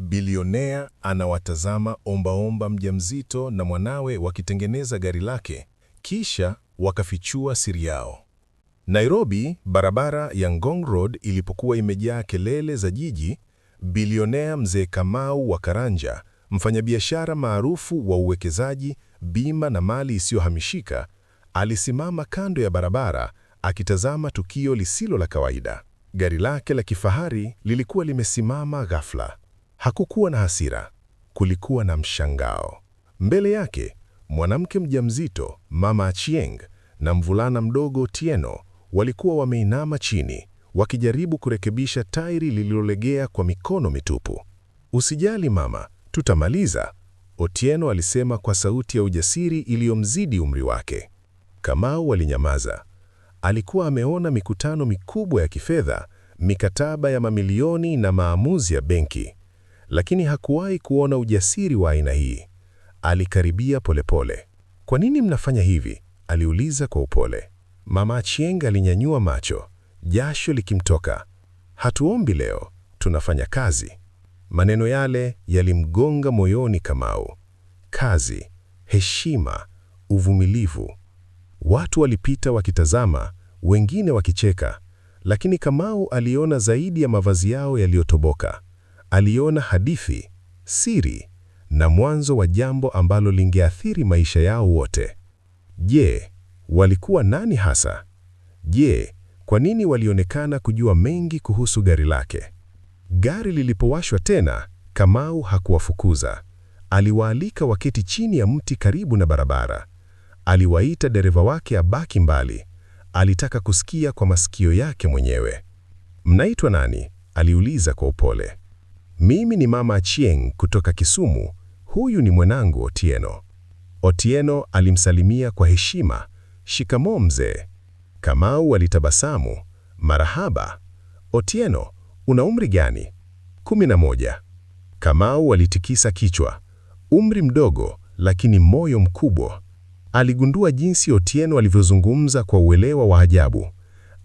Bilionea anawatazama ombaomba mjamzito na mwanawe wakitengeneza gari lake, kisha wakafichua siri yao. Nairobi, barabara ya Ngong Road ilipokuwa imejaa kelele za jiji, bilionea mzee Kamau wa Karanja, mfanyabiashara maarufu wa uwekezaji, bima na mali isiyohamishika, alisimama kando ya barabara akitazama tukio lisilo la kawaida. Gari lake la kifahari lilikuwa limesimama ghafla. Hakukuwa na hasira, kulikuwa na mshangao. Mbele yake mwanamke mjamzito, mama Achieng, na mvulana mdogo Tieno walikuwa wameinama chini wakijaribu kurekebisha tairi lililolegea kwa mikono mitupu. Usijali mama, tutamaliza, Otieno alisema kwa sauti ya ujasiri iliyomzidi umri wake. Kamau walinyamaza Alikuwa ameona mikutano mikubwa ya kifedha, mikataba ya mamilioni na maamuzi ya benki, lakini hakuwahi kuona ujasiri wa aina hii. Alikaribia polepole. Kwa nini mnafanya hivi? aliuliza kwa upole. Mama Achieng alinyanyua macho, jasho likimtoka. Hatuombi leo, tunafanya kazi. Maneno yale yalimgonga moyoni Kamau. Kazi, heshima, uvumilivu. Watu walipita wakitazama, wengine wakicheka, lakini Kamau aliona zaidi ya mavazi yao yaliyotoboka aliona hadithi, siri na mwanzo wa jambo ambalo lingeathiri maisha yao wote. Je, walikuwa nani hasa? Je, kwa nini walionekana kujua mengi kuhusu gari lake? Gari lilipowashwa tena, Kamau hakuwafukuza. Aliwaalika waketi chini ya mti karibu na barabara. Aliwaita dereva wake abaki mbali. Alitaka kusikia kwa masikio yake mwenyewe. Mnaitwa nani? Aliuliza kwa upole. Mimi ni Mama Achieng kutoka Kisumu. Huyu ni mwanangu Otieno. Otieno alimsalimia kwa heshima, shikamoo mzee. Kamau alitabasamu, marahaba. Otieno, una umri gani? Kumi na moja. Kamau alitikisa kichwa. Umri mdogo lakini moyo mkubwa. Aligundua jinsi Otieno alivyozungumza kwa uelewa wa ajabu.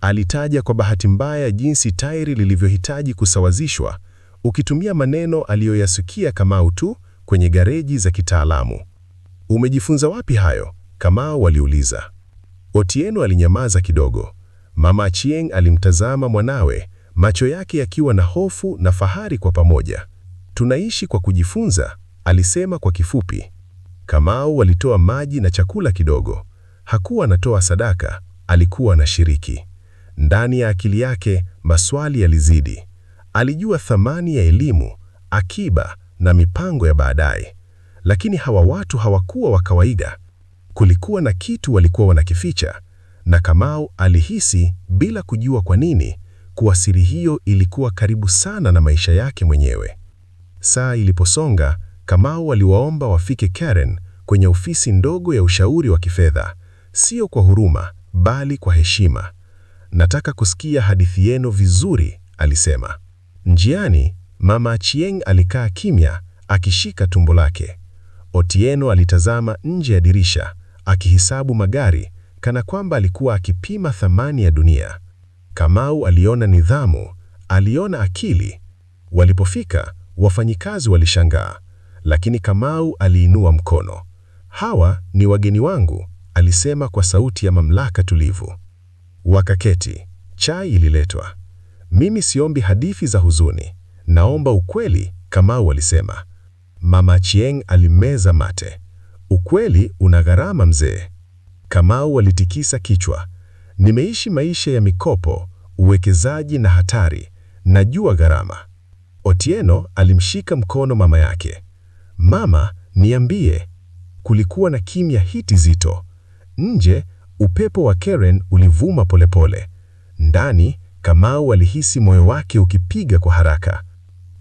Alitaja kwa bahati mbaya jinsi tairi lilivyohitaji kusawazishwa ukitumia maneno aliyoyasikia Kamau tu kwenye gareji za kitaalamu. Umejifunza wapi hayo? Kamau waliuliza Otieno alinyamaza kidogo. Mama Achieng alimtazama mwanawe, macho yake yakiwa na hofu na fahari kwa pamoja. Tunaishi kwa kujifunza, alisema kwa kifupi. Kamau walitoa maji na chakula kidogo. Hakuwa anatoa sadaka, alikuwa anashiriki. Ndani ya akili yake maswali yalizidi. Alijua thamani ya elimu, akiba na mipango ya baadaye, lakini hawa watu hawakuwa wa kawaida. Kulikuwa na kitu walikuwa wanakificha, na Kamau alihisi bila kujua kwa nini kuwa siri hiyo ilikuwa karibu sana na maisha yake mwenyewe. Saa iliposonga, Kamau aliwaomba wafike Karen kwenye ofisi ndogo ya ushauri wa kifedha, sio kwa huruma, bali kwa heshima. Nataka kusikia hadithi yenu vizuri, alisema. Njiani, mama Achieng alikaa kimya akishika tumbo lake. Otieno alitazama nje ya dirisha akihisabu magari kana kwamba alikuwa akipima thamani ya dunia. Kamau aliona nidhamu, aliona akili. Walipofika, wafanyikazi walishangaa, lakini Kamau aliinua mkono. Hawa ni wageni wangu, alisema kwa sauti ya mamlaka tulivu. Wakaketi, chai ililetwa. Mimi siombi hadithi za huzuni, naomba ukweli, Kamau alisema. Mama Chieng alimeza mate. Ukweli una gharama mzee. Kamau alitikisa kichwa. Nimeishi maisha ya mikopo, uwekezaji na hatari, najua gharama. Otieno alimshika mkono mama yake. Mama, niambie. Kulikuwa na kimya hiti zito. Nje upepo wa Karen ulivuma polepole, ndani Kamau alihisi moyo wake ukipiga kwa haraka.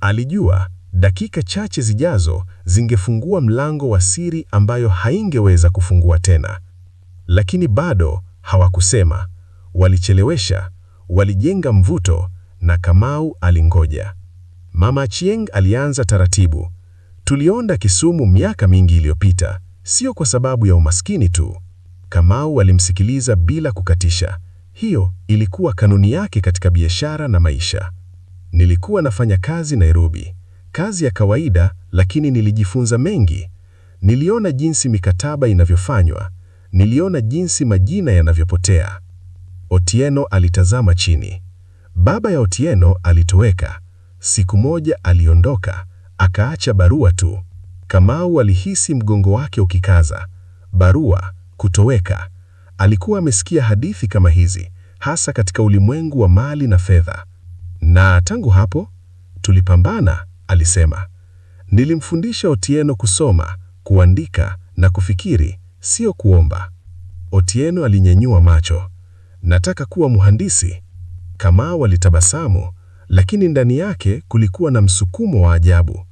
Alijua dakika chache zijazo zingefungua mlango wa siri ambayo haingeweza kufungua tena. Lakini bado hawakusema, walichelewesha, walijenga mvuto, na Kamau alingoja. Mama chieng alianza taratibu, tulionda Kisumu miaka mingi iliyopita, sio kwa sababu ya umaskini tu. Kamau alimsikiliza bila kukatisha. Hiyo ilikuwa kanuni yake katika biashara na maisha. Nilikuwa nafanya kazi Nairobi, kazi ya kawaida, lakini nilijifunza mengi. Niliona jinsi mikataba inavyofanywa, niliona jinsi majina yanavyopotea. Otieno alitazama chini. Baba ya Otieno alitoweka. Siku moja aliondoka, akaacha barua tu. Kamau alihisi mgongo wake ukikaza. Barua, kutoweka, Alikuwa amesikia hadithi kama hizi, hasa katika ulimwengu wa mali na fedha. Na tangu hapo tulipambana, alisema. Nilimfundisha Otieno kusoma, kuandika na kufikiri, sio kuomba. Otieno alinyenyua macho. Nataka kuwa mhandisi. Kamau alitabasamu, lakini ndani yake kulikuwa na msukumo wa ajabu.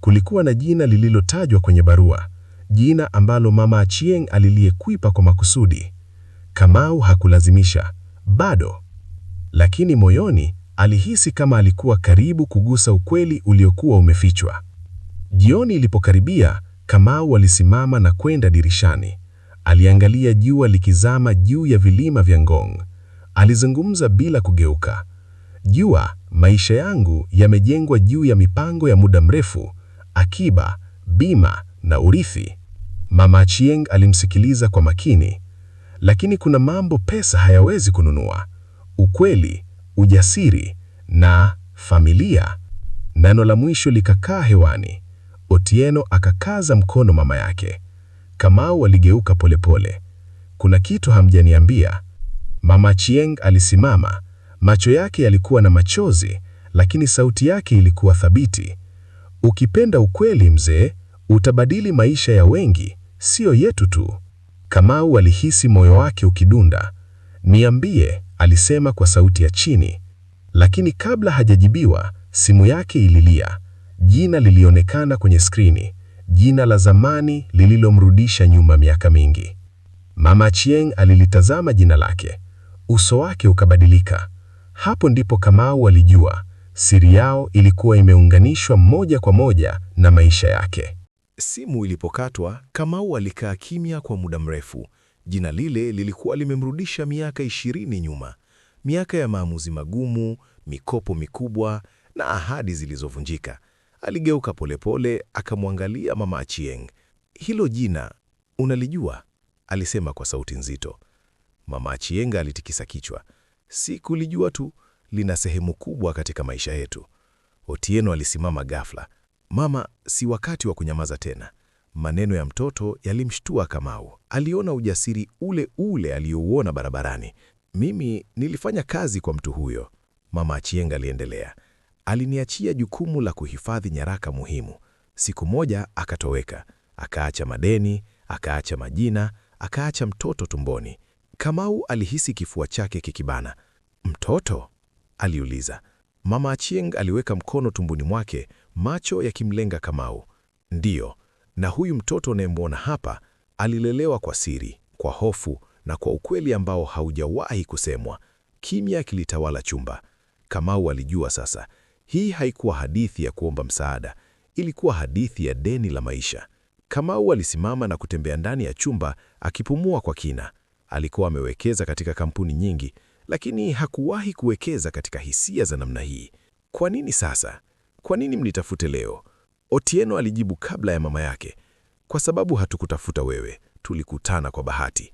Kulikuwa na jina lililotajwa kwenye barua, jina ambalo Mama Achieng aliliyekwipa kwa makusudi. Kamau hakulazimisha bado, lakini moyoni alihisi kama alikuwa karibu kugusa ukweli uliokuwa umefichwa. Jioni ilipokaribia, Kamau alisimama na kwenda dirishani. Aliangalia jua likizama juu ya vilima vya Ngong. Alizungumza bila kugeuka. Jua, maisha yangu yamejengwa juu ya mipango ya muda mrefu, akiba, bima na urithi. Mama Chieng alimsikiliza kwa makini, lakini kuna mambo pesa hayawezi kununua: ukweli, ujasiri na familia. Neno la mwisho likakaa hewani. Otieno akakaza mkono mama yake. Kamau aligeuka polepole. Kuna kitu hamjaniambia. Mama Chieng alisimama, macho yake yalikuwa na machozi, lakini sauti yake ilikuwa thabiti. Ukipenda ukweli mzee, utabadili maisha ya wengi, siyo yetu tu. Kamau alihisi moyo wake ukidunda. Niambie, alisema kwa sauti ya chini, lakini kabla hajajibiwa, simu yake ililia. Jina lilionekana kwenye skrini, jina la zamani lililomrudisha nyuma miaka mingi. Mama Chieng alilitazama jina lake, uso wake ukabadilika. Hapo ndipo Kamau alijua siri yao ilikuwa imeunganishwa moja kwa moja na maisha yake. Simu ilipokatwa, Kamau alikaa kimya kwa muda mrefu. Jina lile lilikuwa limemrudisha miaka ishirini nyuma, miaka ya maamuzi magumu, mikopo mikubwa na ahadi zilizovunjika. Aligeuka polepole, akamwangalia Mama Achieng. Hilo jina unalijua? alisema kwa sauti nzito. Mama Achieng alitikisa kichwa. si kulijua tu, lina sehemu kubwa katika maisha yetu. Otieno alisimama ghafla. Mama, si wakati wa kunyamaza tena. Maneno ya mtoto yalimshtua Kamau. Aliona ujasiri ule ule aliyouona barabarani. Mimi nilifanya kazi kwa mtu huyo, Mama Achieng' aliendelea. Aliniachia jukumu la kuhifadhi nyaraka muhimu. Siku moja akatoweka, akaacha madeni, akaacha majina, akaacha mtoto tumboni. Kamau alihisi kifua chake kikibana. Mtoto? aliuliza. Mama Achieng' aliweka mkono tumboni mwake macho yakimlenga Kamau. Ndiyo, na huyu mtoto unayemwona hapa alilelewa kwa siri, kwa hofu na kwa ukweli ambao haujawahi kusemwa. Kimya kilitawala chumba. Kamau alijua sasa, hii haikuwa hadithi ya kuomba msaada, ilikuwa hadithi ya deni la maisha. Kamau alisimama na kutembea ndani ya chumba akipumua kwa kina. Alikuwa amewekeza katika kampuni nyingi, lakini hakuwahi kuwekeza katika hisia za namna hii. Kwa nini sasa? kwa nini mnitafute leo? Otieno alijibu kabla ya mama yake, kwa sababu hatukutafuta wewe, tulikutana kwa bahati.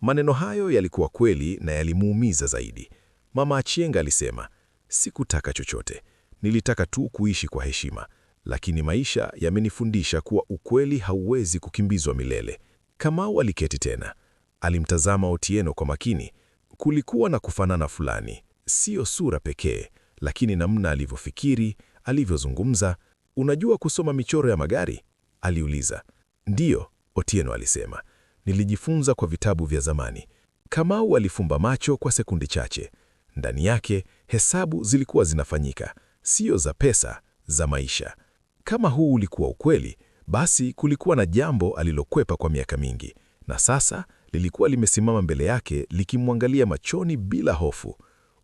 Maneno hayo yalikuwa kweli na yalimuumiza zaidi. Mama Achieng' alisema, sikutaka chochote, nilitaka tu kuishi kwa heshima, lakini maisha yamenifundisha kuwa ukweli hauwezi kukimbizwa milele. Kamau aliketi tena, alimtazama Otieno kwa makini. Kulikuwa na kufanana fulani, siyo sura pekee, lakini namna alivyofikiri, Alivyozungumza, unajua kusoma michoro ya magari? Aliuliza. Ndiyo, Otieno alisema. Nilijifunza kwa vitabu vya zamani. Kamau alifumba macho kwa sekundi chache. Ndani yake hesabu zilikuwa zinafanyika, sio za pesa, za maisha. Kama huu ulikuwa ukweli, basi kulikuwa na jambo alilokwepa kwa miaka mingi, na sasa lilikuwa limesimama mbele yake likimwangalia machoni bila hofu.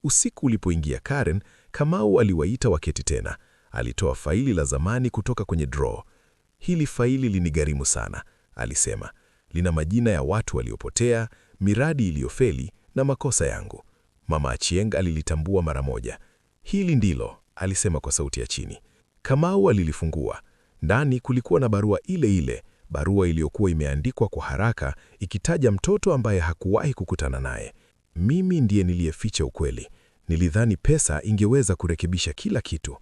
Usiku ulipoingia Karen, Kamau aliwaita waketi tena. Alitoa faili la zamani kutoka kwenye draw. Hili faili linigharimu sana, alisema. Lina majina ya watu waliopotea, miradi iliyofeli na makosa yangu. Mama Achieng alilitambua mara moja. Hili ndilo, alisema kwa sauti ya chini. Kamau alilifungua. Ndani kulikuwa na barua ile ile, barua iliyokuwa imeandikwa kwa haraka ikitaja mtoto ambaye hakuwahi kukutana naye. Mimi ndiye niliyeficha ukweli. Nilidhani pesa ingeweza kurekebisha kila kitu.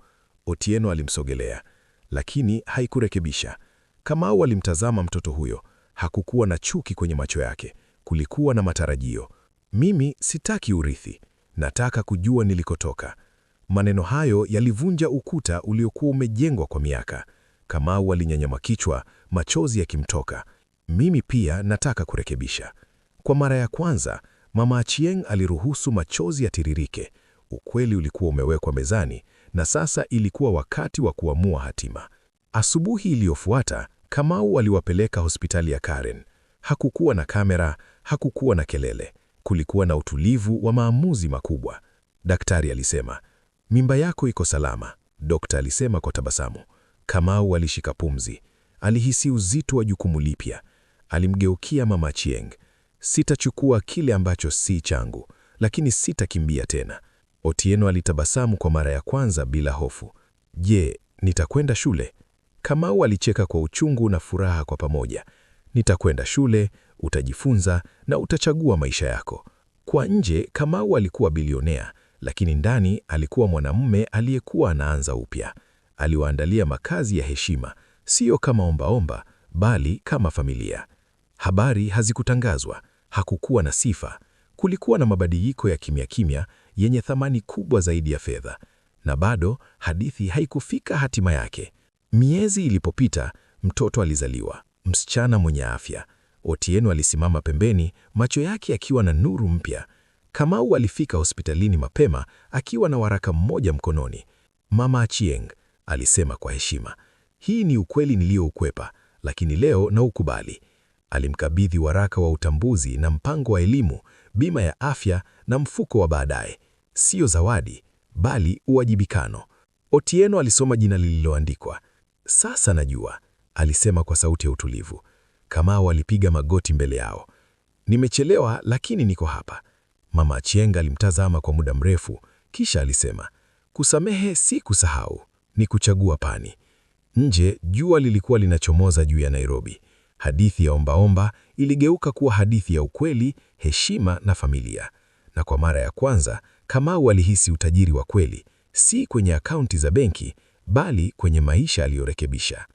Otieno alimsogelea, lakini haikurekebisha. Kamau alimtazama mtoto huyo. Hakukuwa na chuki kwenye macho yake, kulikuwa na matarajio. Mimi sitaki urithi, nataka kujua nilikotoka. Maneno hayo yalivunja ukuta uliokuwa umejengwa kwa miaka. Kamau alinyanyama kichwa, machozi yakimtoka. Mimi pia nataka kurekebisha. Kwa mara ya kwanza, Mama Achieng aliruhusu machozi yatiririke. Ukweli ulikuwa umewekwa mezani, na sasa ilikuwa wakati wa kuamua hatima. Asubuhi iliyofuata, Kamau aliwapeleka hospitali ya Karen. Hakukuwa na kamera, hakukuwa na kelele. Kulikuwa na utulivu wa maamuzi makubwa. Daktari alisema, mimba yako iko salama, dokta alisema kwa tabasamu. Kamau alishika pumzi, alihisi uzito wa jukumu lipya. Alimgeukia mama Chieng, sitachukua kile ambacho si changu, lakini sitakimbia tena. Otieno alitabasamu kwa mara ya kwanza bila hofu. Je, nitakwenda shule? Kamau alicheka kwa uchungu na furaha kwa pamoja. Nitakwenda shule, utajifunza na utachagua maisha yako. Kwa nje Kamau alikuwa bilionea, lakini ndani alikuwa mwanamume aliyekuwa anaanza upya. Aliwaandalia makazi ya heshima, sio kama ombaomba, bali kama familia. Habari hazikutangazwa, hakukuwa na sifa, kulikuwa na mabadiliko ya kimya kimya yenye thamani kubwa zaidi ya fedha, na bado hadithi haikufika hatima yake. Miezi ilipopita, mtoto alizaliwa, msichana mwenye afya. Otieno alisimama pembeni, macho yake akiwa na nuru mpya. Kamau alifika hospitalini mapema akiwa na waraka mmoja mkononi. Mama Achieng, alisema kwa heshima, hii ni ukweli niliyoukwepa, lakini leo na ukubali. Alimkabidhi waraka wa utambuzi na mpango wa elimu, bima ya afya na mfuko wa baadaye sio zawadi, bali uwajibikano. Otieno alisoma jina lililoandikwa. Sasa najua, alisema kwa sauti ya utulivu. Kamau alipiga magoti mbele yao. Nimechelewa, lakini niko hapa. Mama Achienga alimtazama kwa muda mrefu, kisha alisema, kusamehe si kusahau, ni kuchagua pani. Nje jua lilikuwa linachomoza juu ya Nairobi. Hadithi ya ombaomba iligeuka kuwa hadithi ya ukweli, heshima na familia, na kwa mara ya kwanza Kamau alihisi utajiri wa kweli si kwenye akaunti za benki, bali kwenye maisha aliyorekebisha.